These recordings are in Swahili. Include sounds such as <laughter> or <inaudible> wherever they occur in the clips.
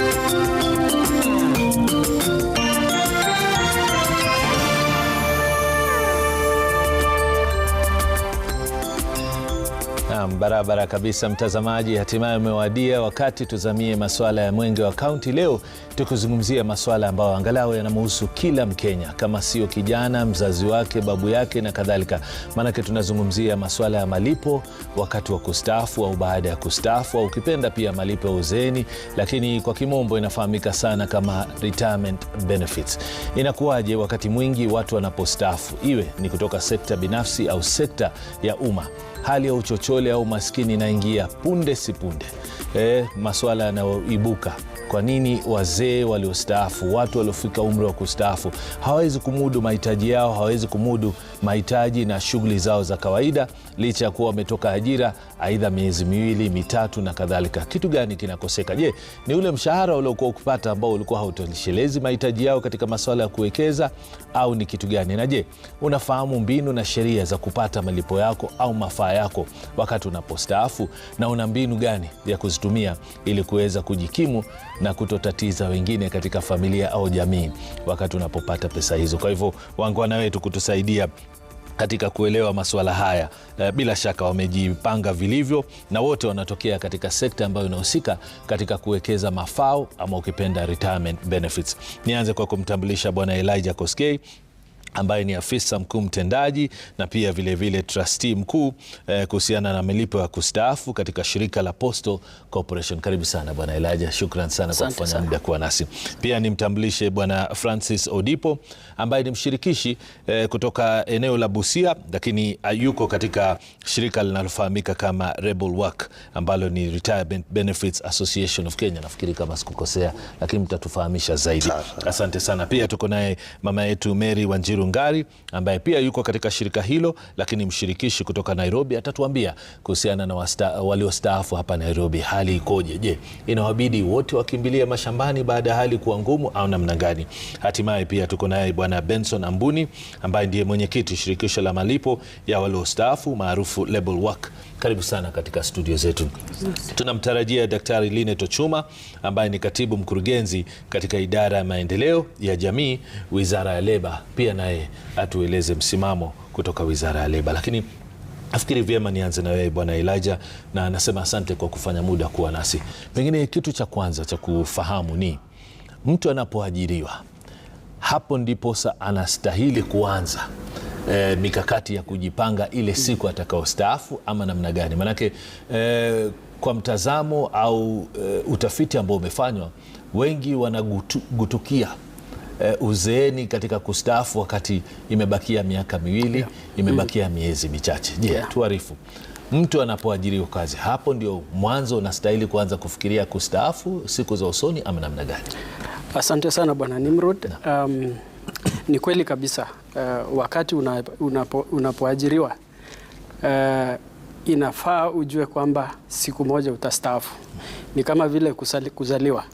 thank you Barabara kabisa, mtazamaji. Hatimaye umewadia wakati tuzamie masuala ya mwenge wa kaunti leo, tukuzungumzia masuala ambayo angalau yanamhusu kila Mkenya, kama sio kijana, mzazi wake, babu yake na kadhalika. Maanake tunazungumzia masuala ya malipo wakati wa kustaafu au baada ya kustaafu, au ukipenda pia malipo ya uzeeni, lakini kwa kimombo inafahamika sana kama retirement benefits. Inakuwaje wakati mwingi watu wanapostaafu, iwe ni kutoka sekta binafsi au sekta ya umma? hali ya uchochole au maskini inaingia punde si punde, e, eh, masuala yanayoibuka kwa nini wazee waliostaafu, watu waliofika umri wa kustaafu hawawezi kumudu mahitaji yao, hawawezi kumudu mahitaji na shughuli zao za kawaida, licha ya kuwa wametoka ajira aidha miezi miwili mitatu na kadhalika? Kitu gani kinakoseka? Je, ni ule mshahara uliokuwa ukipata ambao ulikuwa hautoshelezi mahitaji yao katika masuala ya kuwekeza, au ni kitu gani? Na je, unafahamu mbinu na sheria za kupata malipo yako au mafaa yako wakati unapostaafu, na una mbinu gani ya kuzitumia ili kuweza kujikimu na kutotatiza wengine katika familia au jamii wakati unapopata pesa hizo. Kwa hivyo wangwana wetu kutusaidia katika kuelewa masuala haya eh, bila shaka wamejipanga vilivyo, na wote wanatokea katika sekta ambayo inahusika katika kuwekeza mafao ama ukipenda retirement benefits. Nianze kwa kumtambulisha Bwana Elijah Koskei ambaye ni afisa mkuu mtendaji na pia vilevile trustee mkuu eh, kuhusiana na milipo ya kustaafu katika shirika la Postal Corporation. Karibu sana Bwana Elijah, shukran sana kwa kufanya muda kuwa nasi. Pia nimtambulishe Bwana Francis Odipo ambaye ni mshirikishi eh, kutoka eneo la Busia, lakini yuko katika shirika linalofahamika kama Rebel Work ambalo ni Retirement Benefits Association of Kenya, nafikiri kama sikukosea, lakini mtatufahamisha zaidi. Asante sana. Pia tuko naye mama yetu Mary Wanjiru Kirungari ambaye pia yuko katika shirika hilo lakini mshirikishi kutoka Nairobi atatuambia kuhusiana na waliostaafu hapa Nairobi hali ikoje. Je, inawabidi wote wakimbilie mashambani baada ya hali kuwa ngumu au namna gani? Hatimaye pia tuko naye Bwana Benson Ambuni ambaye ndiye mwenyekiti shirikisho la malipo ya waliostaafu maarufu Leble Work. Karibu sana katika studio zetu. Tunamtarajia Daktari Linet Ochuma ambaye ni katibu mkurugenzi katika idara ya maendeleo ya jamii, wizara ya leba, pia na naye atueleze msimamo kutoka wizara ya leba, lakini nafikiri vyema nianze na wewe Bwana Elijah, na anasema asante kwa kufanya muda kuwa nasi. Pengine kitu cha kwanza cha kufahamu ni mtu anapoajiriwa, hapo sa anastahili kuanza E, mikakati ya kujipanga ile siku atakaostaafu ama namna gani? Maanake e, eh, kwa mtazamo au e, utafiti ambao umefanywa wengi wanagutukia uh, uzeeni katika kustaafu wakati imebakia miaka miwili yeah. imebakia mm. miezi michache je, yeah. tuarifu mtu anapoajiriwa kazi, hapo ndio mwanzo unastahili kuanza kufikiria kustaafu siku za usoni ama namna gani? Asante sana bwana Nimrod. Um, ni kweli kabisa uh, wakati una, unapo, unapoajiriwa uh, inafaa ujue kwamba siku moja utastaafu. Ni kama vile kusali, kuzaliwa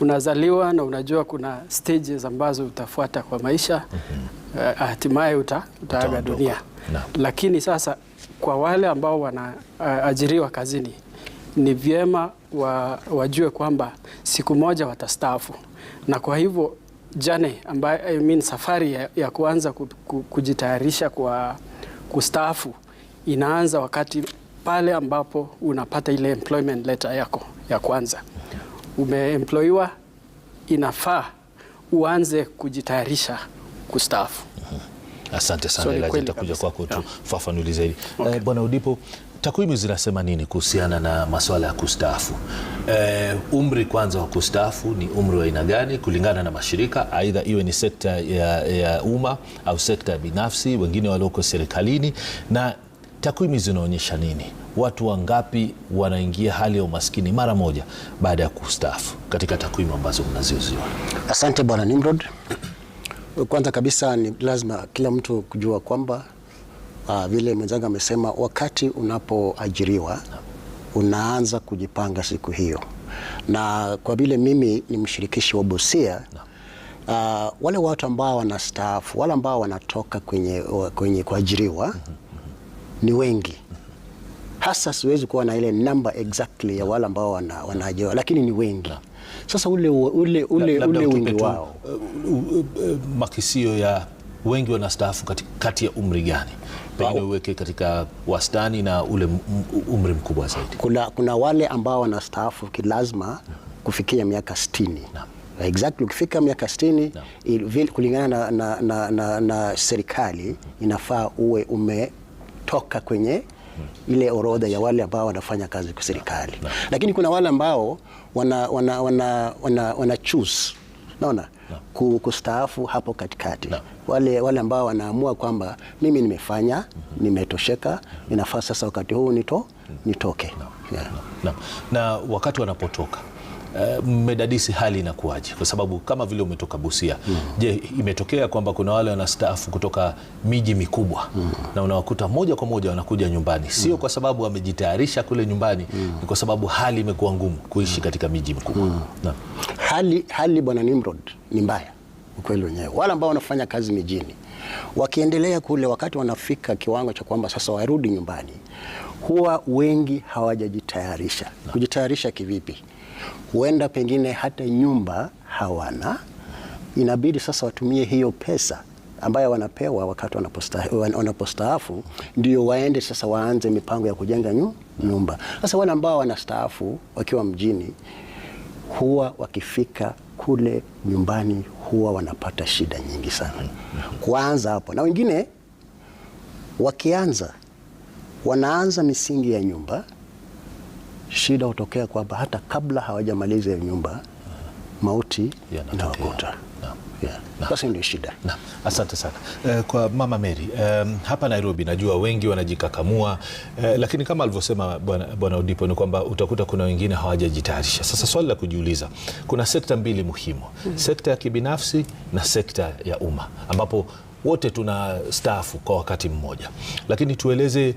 unazaliwa na unajua kuna stages ambazo utafuata kwa maisha mhm. eh, hatimaye mm -hmm. uh, uta, utaaga dunia na. Lakini sasa kwa wale ambao wanaajiriwa eh, uh, kazini ni vyema wa, wajue kwamba siku moja watastaafu, na kwa hivyo jane ambayo I mean, safari ya, ya kuanza ku, ku, kujitayarisha kwa kustaafu inaanza wakati pale ambapo unapata ile employment letter yako ya kwanza umeemployiwa, inafaa uanze kujitayarisha kustaafu. Asante sana, so, Elaja, nitakuja kwako tufafanulie zaidi. Eh, okay. Bwana Udipo, takwimu zinasema nini kuhusiana na masuala ya kustaafu? E, umri kwanza wa kustaafu ni umri wa aina gani kulingana na mashirika, aidha iwe ni sekta ya, ya umma au sekta ya binafsi, wengine walioko serikalini, na takwimu zinaonyesha nini watu wangapi wanaingia hali ya umaskini mara moja baada ya kustaafu katika takwimu ambazo mnaziuziwa Asante Bwana Nimrod. Kwanza kabisa ni lazima kila mtu kujua kwamba uh, vile mwenzangu amesema, wakati unapoajiriwa unaanza kujipanga siku hiyo, na kwa vile mimi ni mshirikishi wa Busia uh, ah, wale watu ambao wanastaafu, wale ambao wanatoka kwenye, kwenye kuajiriwa mhm, mhm. ni wengi hasa siwezi kuwa na ile namba exactly ya wale ambao wanajoa lakini ni wengi. Sasa ule, ule, ule, ule wingi wao eh, eh, eh, makisio ya wengi wanastaafu kati ya umri gani? Pengine uweke katika wastani na ule umri mkubwa zaidi. Kuna, kuna wale ambao wanastaafu kilazima kufikia miaka sitini. Exactly, ukifika miaka 60 no. Kulingana na, na, na, na, na serikali inafaa uwe umetoka kwenye ile orodha ya wale ambao wanafanya kazi kwa serikali, lakini kuna wale ambao wana, wana, wana, wana, wana choose naona no. kustaafu hapo katikati no. Wale, wale ambao wanaamua kwamba mimi nimefanya, mm -hmm. nimetosheka, ninafaa sasa wakati huu nito, nitoke no. Yeah. No. No. na wakati wanapotoka Eh, mmedadisi uh, hali inakuwaje? Kwa sababu kama vile umetoka Busia mm. Je, imetokea kwamba kuna wale wanastaafu kutoka miji mikubwa mm. na unawakuta moja kwa moja wanakuja nyumbani, sio mm. kwa sababu wamejitayarisha kule nyumbani mm. ni kwa sababu hali imekuwa ngumu kuishi hmm. katika miji mikubwa mm. hali, hali bwana Nimrod ni mbaya ukweli wenyewe. Wale ambao wanafanya kazi mijini wakiendelea kule, wakati wanafika kiwango cha kwamba sasa warudi nyumbani, huwa wengi hawajajitayarisha. Kujitayarisha kivipi? huenda pengine hata nyumba hawana, inabidi sasa watumie hiyo pesa ambayo wanapewa wakati wanapostaafu, ndio waende sasa waanze mipango ya kujenga nyumba. Sasa wale ambao wanastaafu wakiwa mjini huwa wakifika kule nyumbani huwa wanapata shida nyingi sana, kuanza hapo. Na wengine wakianza wanaanza misingi ya nyumba shida hutokea kwamba hata kabla hawajamaliza hiyo nyumba mauti inawakuta. Basi ndio shida. asante sana eh, kwa Mama Mary e, hapa Nairobi najua wengi wanajikakamua e, lakini kama alivyosema Bwana Odipo ni kwamba utakuta kuna wengine hawajajitayarisha. Sasa swali la kujiuliza, kuna sekta mbili muhimu, mm-hmm. sekta ya kibinafsi na sekta ya umma ambapo wote tuna staafu kwa wakati mmoja, lakini tueleze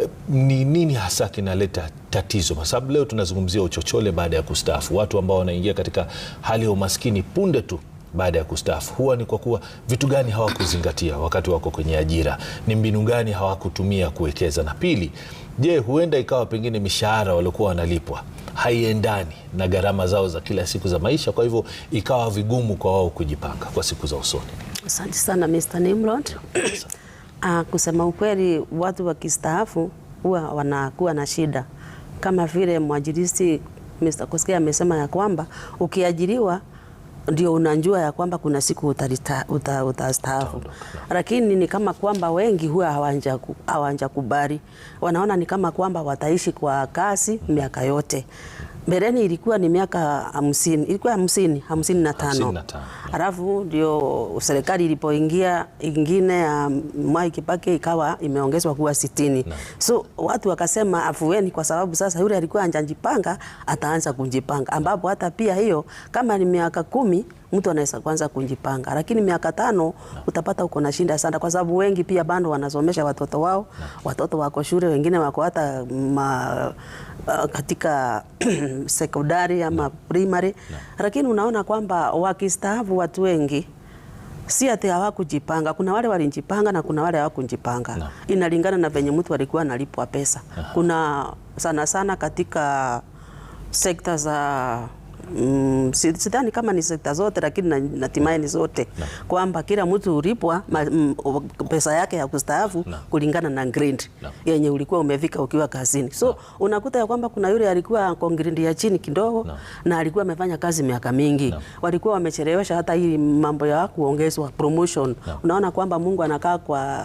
eh, ni nini hasa kinaleta tatizo, kwa sababu leo tunazungumzia uchochole baada ya kustaafu, watu ambao wanaingia katika hali ya umaskini punde tu baada ya kustaafu huwa ni kwa kuwa vitu gani hawakuzingatia wakati wako kwenye ajira, ni mbinu gani hawakutumia kuwekeza, na pili, je, huenda ikawa pengine mishahara waliokuwa wanalipwa haiendani na gharama zao za kila siku za maisha, kwa hivyo ikawa vigumu kwa wao kujipanga kwa siku za usoni. Asante sana Mr. Nimrod. Uh, <coughs> kusema ukweli, watu wakistaafu huwa wanakuwa na shida kama vile mwajirisi Mr. amesema ya kwamba ukiajiriwa ndio unajua ya kwamba kuna siku utastaafu uta, lakini ni kama kwamba wengi huwa hawanja kubari wanaona ni kama kwamba wataishi kwa kasi miaka yote. Mbeleni ilikuwa ni miaka hamsini, ilikuwa hamsini hamsini na tano halafu ndio serikali ilipoingia ingine ya um, Mwai Kibaki ikawa imeongezwa kuwa sitini na. So watu wakasema afueni, kwa sababu sasa yule alikuwa anajipanga ataanza kujipanga, ambapo hata pia hiyo kama ni miaka kumi mtu anaweza kwanza kujipanga, lakini miaka tano na. utapata uko na shinda sana, kwa sababu wengi pia bado wanasomesha watoto wao na. watoto wako shule, wengine wako hata ma Eh, katika <clears throat> sekondari ama no. primary no. Lakini unaona kwamba wakistaafu watu wengi si ati hawakujipanga. Kuna wale walijipanga na kuna wale hawakujipanga no. Inalingana na venye mtu alikuwa analipwa pesa. Aha. Kuna sana sana katika sekta za mm, sidhani kama ni sekta zote, lakini natimai ni zote na, kwamba kila mtu ulipwa pesa yake ya kustaafu na, kulingana na grind no. yenye ulikuwa umefika ukiwa kazini so na, unakuta ya kwamba kuna yule alikuwa kwa grind ya chini kidogo na, na alikuwa amefanya kazi miaka mingi na, walikuwa wamechelewesha hata hii mambo ya kuongezwa promotion na, unaona kwamba Mungu anakaa kwa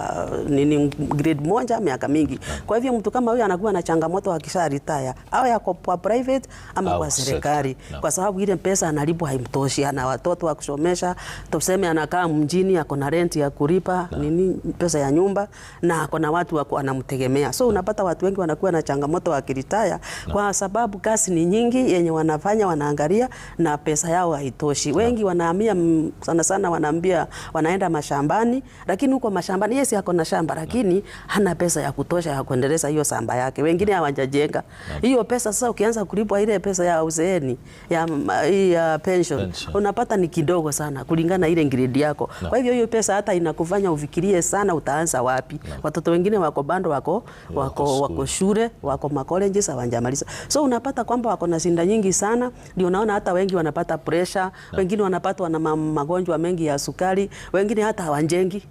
nini grade moja miaka mingi na, kwa hivyo mtu kama huyu anakuwa na changamoto akisha retire au ya kwa private ama kwa serikali kwa sababu ile pesa analipwa haimtoshi, ana watoto wa kusomesha, tuseme anakaa mjini, ako na rent ya kulipa nini, pesa ya nyumba, na ako na watu wako anamtegemea. So unapata watu wengi wanakuwa na changamoto wa kiritaya kwa sababu kazi ni nyingi yenye wanafanya, wanaangalia na pesa yao haitoshi. Wengi wanahamia sana sana, wanaambia wanaenda mashambani, lakini huko mashambani yesi ako na shamba, lakini hana pesa ya kutosha ya kuendeleza hiyo samba yake. Wengine hawajajenga hiyo pesa. Sasa ukianza kulipwa ile pesa ya uzeeni ya ya, uh, pension, pension unapata ni kidogo sana kulingana ile grade yako no. Kwa hivyo hiyo pesa hata inakufanya ufikirie sana utaanza wapi no. Watoto wengine wako bando wako, wako, wako shule wako macolleges hawajamaliza, so unapata kwamba wako na shida nyingi sana, ndio unaona hata wengi wanapata pressure no. Wengine wanapata na magonjwa mengi ya sukari, wengine hata hawajengi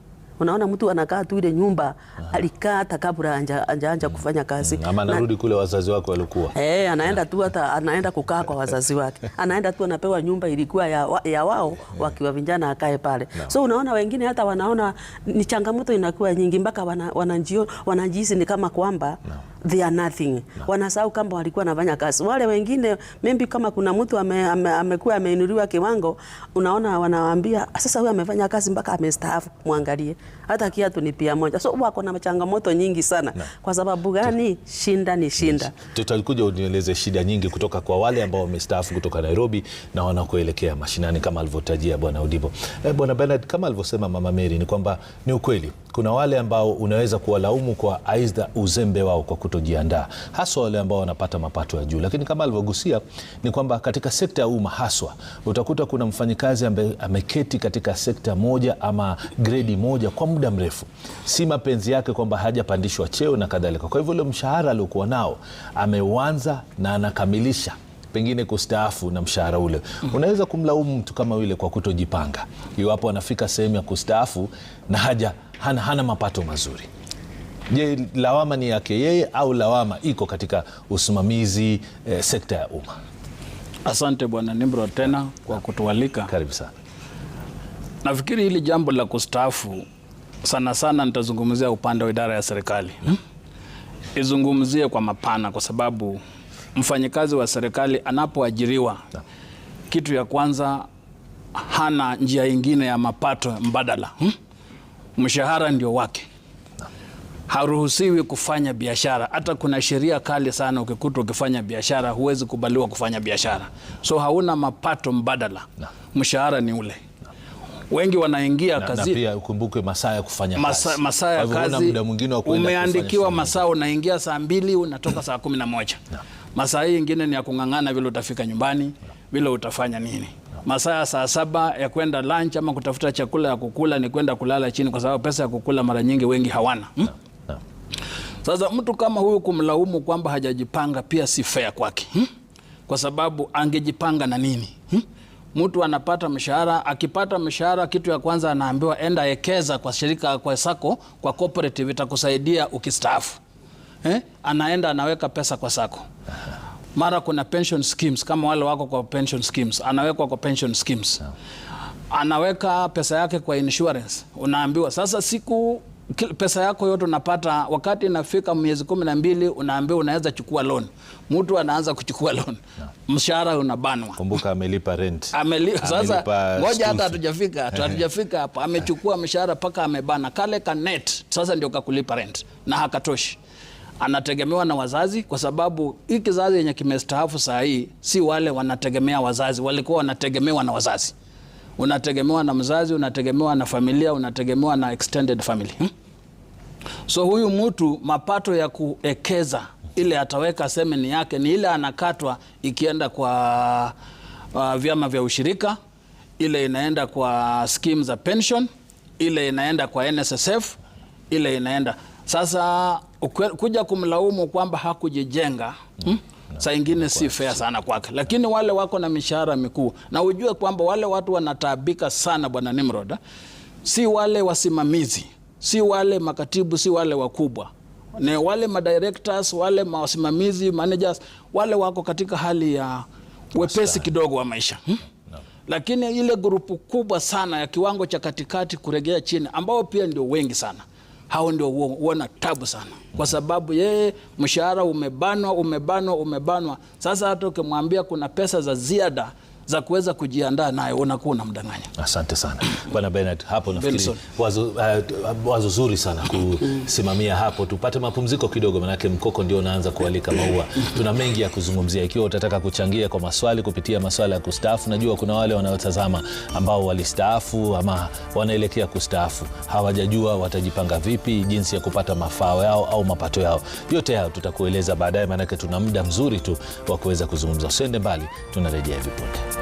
Unaona, mtu anakaa tu ile nyumba alikaa hata kabla anjaanja mm. kufanya kazi mm. Ama anarudi kule wazazi wake walikuwa eh, anaenda tu hata anaenda kukaa kwa wazazi wake, <laughs> anaenda tu anapewa nyumba ilikuwa ya, ya wao eh. wakiwa vijana akae pale no. So unaona wengine hata wanaona ni changamoto inakuwa nyingi mpaka wanajihisi wana, ni kama kwamba no they are nothing no. Wanasahau kama walikuwa wanafanya kazi. Wale wengine maybe kama kuna mtu amekuwa ame, ame, amekuwa ameinuliwa kiwango, unaona wanawaambia sasa, huyu amefanya kazi mpaka amestaafu, mwangalie hata kiatu ni pia moja. So wako na changamoto nyingi sana no. Kwa sababu gani? Shinda ni shinda. Tutakuja unieleze shida nyingi kutoka kwa wale ambao wamestaafu kutoka Nairobi na wanakoelekea mashinani kama alivyotajia bwana Udibo. Eh, bwana Bernard, kama alivyosema mama Mary ni kwamba ni ukweli kuna wale ambao unaweza kuwalaumu kwa aidha uzembe wao kwa kutojiandaa, haswa wale ambao wanapata mapato ya juu. Lakini kama alivyogusia ni kwamba katika sekta ya umma haswa, utakuta kuna mfanyikazi ambaye ameketi katika sekta moja ama gredi moja kwa muda mrefu, si mapenzi yake kwamba hajapandishwa cheo na kadhalika. Kwa hivyo ule mshahara aliokuwa nao ameuanza na anakamilisha pengine kustaafu na mshahara ule Unaweza kumlaumu mtu kama yule kwa kutojipanga, iwapo anafika sehemu ya kustaafu na haja hana, hana mapato mazuri. Je, lawama ni yake yeye au lawama iko katika usimamizi eh, sekta ya umma? Asante Bwana nimro tena kwa kutualika. Karibu sana. Nafikiri hili jambo la kustaafu sana sana nitazungumzia upande wa idara ya serikali hmm? Izungumzie kwa mapana, kwa sababu mfanyikazi wa serikali anapoajiriwa, kitu ya kwanza hana njia ingine ya mapato mbadala hmm? mshahara ndio wake, haruhusiwi kufanya biashara. Hata kuna sheria kali sana, ukikuta ukifanya biashara huwezi kubaliwa kufanya biashara, so hauna mapato mbadala, mshahara ni ule wengi wanaingia kazini. Pia ukumbuke masaa ya kufanya masa, masaa ya kazi, umeandikiwa masaa, unaingia saa mbili unatoka saa kumi na moja. Masaa hii ingine ni ya kung'ang'ana vile utafika nyumbani, vile utafanya nini masaa ya saa saba ya kwenda lunch ama kutafuta chakula ya kukula ni kwenda kulala chini, kwa sababu pesa ya kukula mara nyingi wengi hawana hmm? no. No. Sasa mtu kama huyu kumlaumu kwamba hajajipanga pia si fair kwake hmm? kwa sababu angejipanga na nini hmm? Mtu anapata mshahara, akipata mshahara, kitu ya kwanza anaambiwa enda ekeza kwa shirika, kwa sako, kwa cooperative itakusaidia ukistaafu eh? Anaenda anaweka pesa kwa sako. Aha mara kuna pension schemes kama wale wako kwa pension schemes, anawekwa kwa pension schemes yeah. Anaweka pesa yake kwa insurance, unaambiwa sasa siku pesa yako yote unapata, wakati inafika miezi kumi na mbili unaambiwa unaweza chukua loan. Mtu anaanza kuchukua loan no. Mshahara unabanwa. Kumbuka amelipa rent. Amelipa sasa, ngoja hata hatujafika <laughs> hatujafika hapo, amechukua mshahara mpaka amebana kale ka net, sasa ndio kakulipa rent na hakatoshi anategemewa na wazazi, kwa sababu hii kizazi yenye kimestaafu saa hii si wale wanategemea wazazi, walikuwa wanategemewa na wazazi. Unategemewa na mzazi, unategemewa na familia, unategemewa na extended family hmm? So huyu mtu mapato ya kuekeza ile ataweka semeni yake ni ile anakatwa ikienda kwa uh, vyama vya ushirika, ile inaenda kwa scheme za pension, ile inaenda kwa NSSF, ile inaenda sasa kuja kumlaumu kwamba hakujijenga hmm? Saa ingine si fair sana kwake, lakini wale wako na mishahara mikuu, na ujue kwamba wale watu wanataabika sana, bwana Nimrod, eh? si wale wasimamizi, si wale makatibu, si wale wakubwa ni wale madirectors, wale wasimamizi, managers, wale wako katika hali ya wepesi kidogo wa maisha hmm? Lakini ile grupu kubwa sana ya kiwango cha katikati kuregea chini, ambao pia ndio wengi sana hao ndio huona tabu sana, kwa sababu yeye mshahara umebanwa, umebanwa, umebanwa. Sasa hata ukimwambia kuna pesa za ziada za kuweza kujiandaa naye, unakuwa unamdanganya. Asante sana Bwana Bernard, hapo nafikiri uh, wazo, zuri sana kusimamia hapo. Tupate mapumziko kidogo, manake mkoko ndio unaanza kualika maua. Tuna mengi ya kuzungumzia. Ikiwa utataka kuchangia kwa maswali kupitia maswala ya kustaafu, najua kuna wale wanaotazama ambao walistaafu ama wanaelekea kustaafu, hawajajua watajipanga vipi, jinsi ya kupata mafao yao au mapato yao. Yote hayo tutakueleza baadaye, manake tuna muda mzuri tu wa kuweza kuzungumza. Usiende mbali, tunarejea hivi punde.